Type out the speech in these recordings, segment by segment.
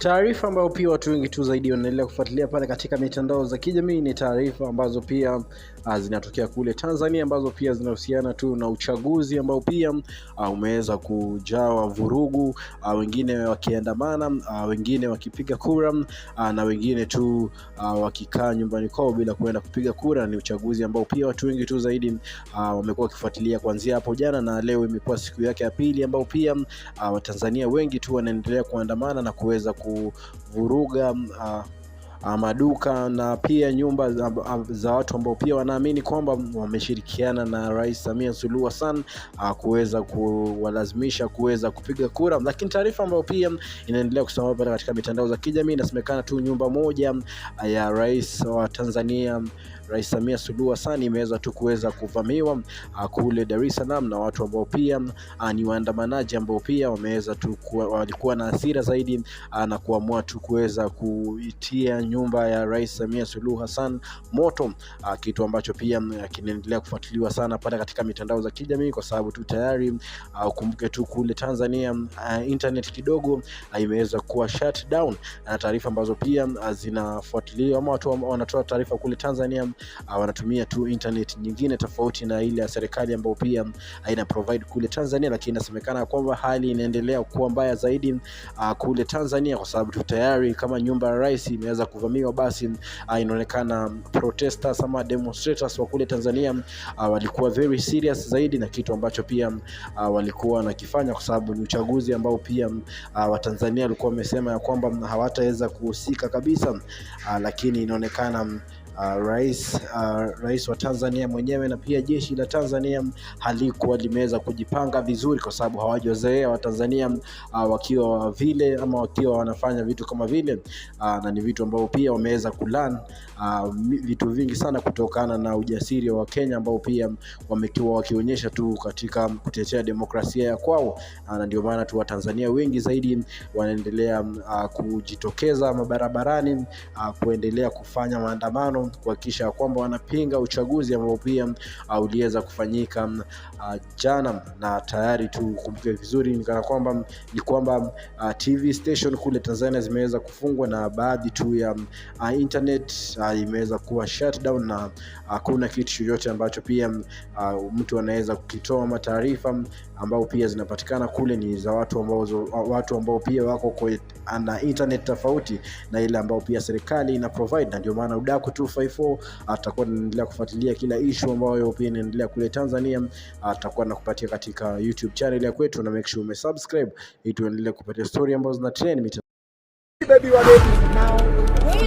Taarifa ambayo pia watu wengi tu zaidi wanaendelea kufuatilia pale katika mitandao za kijamii ni taarifa ambazo pia ah, zinatokea kule Tanzania ambazo pia zinahusiana tu na uchaguzi ambao pia ah, umeweza kujawa vurugu, ah, wengine wakiandamana, wengine wakipiga kura na wengine tu wakikaa nyumbani kwao bila kuenda kupiga kura. Ni uchaguzi ambao pia watu wengi tu zaidi wamekuwa wakifuatilia kuanzia hapo jana, na leo imekuwa siku yake ya pili ambao pia Watanzania wengi tu wanaendelea kuandamana na kuweza ku kuvuruga uh, ah, Uh, maduka na pia nyumba za, uh, za watu ambao pia wanaamini kwamba wameshirikiana na Rais Samia Suluhu Hassan uh, kuweza kuwalazimisha kuweza kupiga kura. Lakini taarifa ambayo pia inaendelea kusambaa pale katika mitandao za kijamii inasemekana tu nyumba moja ya rais wa Tanzania Rais Samia Suluhu Hassan imeweza tu kuweza kuvamiwa kule Dar es Salaam na watu ambao pia ni waandamanaji ambao pia wameweza tu walikuwa na hasira zaidi na kuamua tu kuweza kuitia nyumba ya Rais Samia Suluhu Hassan moto, ah, kitu ambacho pia mm, kinaendelea kufuatiliwa sana pale katika mitandao za kijamii, kwa sababu tu tayari ah, ukumbuke tu kule Tanzania ah, internet kidogo imeweza kuwa shut down, na taarifa ambazo pia zinafuatiliwa ama watu wanatoa taarifa kule Tanzania wanatumia tu internet nyingine tofauti na ile ya serikali ambayo pia ina provide kule Tanzania, lakini inasemekana kwamba hali inaendelea kuwa mbaya zaidi kule Tanzania, kwa sababu tu tayari kama nyumba ya rais imeweza ku kuvamiwa, basi uh, inaonekana protesters ama demonstrators wa kule Tanzania uh, walikuwa very serious zaidi na kitu ambacho pia uh, walikuwa wanakifanya kwa sababu ni uchaguzi ambao pia uh, Watanzania walikuwa wamesema ya kwamba hawataweza kuhusika kabisa uh, lakini inaonekana Uh, rais, uh, rais wa Tanzania mwenyewe na pia jeshi la Tanzania halikuwa limeweza kujipanga vizuri, kwa sababu hawajazoea Watanzania uh, wakiwa vile ama wakiwa wanafanya vitu kama vile uh, na ni vitu ambavyo pia wameweza kulan uh, vitu vingi sana kutokana na ujasiri wa Kenya ambao pia wamekiwa wakionyesha tu katika kutetea demokrasia ya kwao, uh, na ndio maana tu Watanzania wengi zaidi wanaendelea uh, kujitokeza mabarabarani uh, kuendelea kufanya maandamano maandamano kuhakikisha kwamba wanapinga uchaguzi ambao pia uh, uliweza kufanyika uh, jana, na tayari tu kumbuke vizuri ni kana kwamba ni kwamba uh, TV station kule Tanzania zimeweza kufungwa na baadhi tu ya uh, internet uh, imeweza kuwa shutdown na uh, hakuna uh, kitu chochote ambacho pia uh, mtu anaweza kukitoa ama taarifa ambao pia zinapatikana kule ni za watu ambao watu ambao pia wako kwa na internet tofauti na ile ambao pia serikali ina provide, na ndio maana udaku tu 254 atakuwa anaendelea kufuatilia kila ishu ambayo pia inaendelea kule Tanzania, atakuwa nakupatia katika YouTube channel ya kwetu, na make sure umesubscribe ili tuendelee kupata story ambazo zina trend.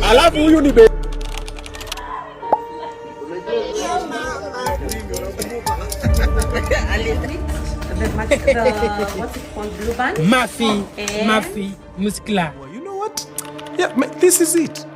Alafu huyu ni baby Mafi, Mafi, Muskla. You know what? Yeah, this is it.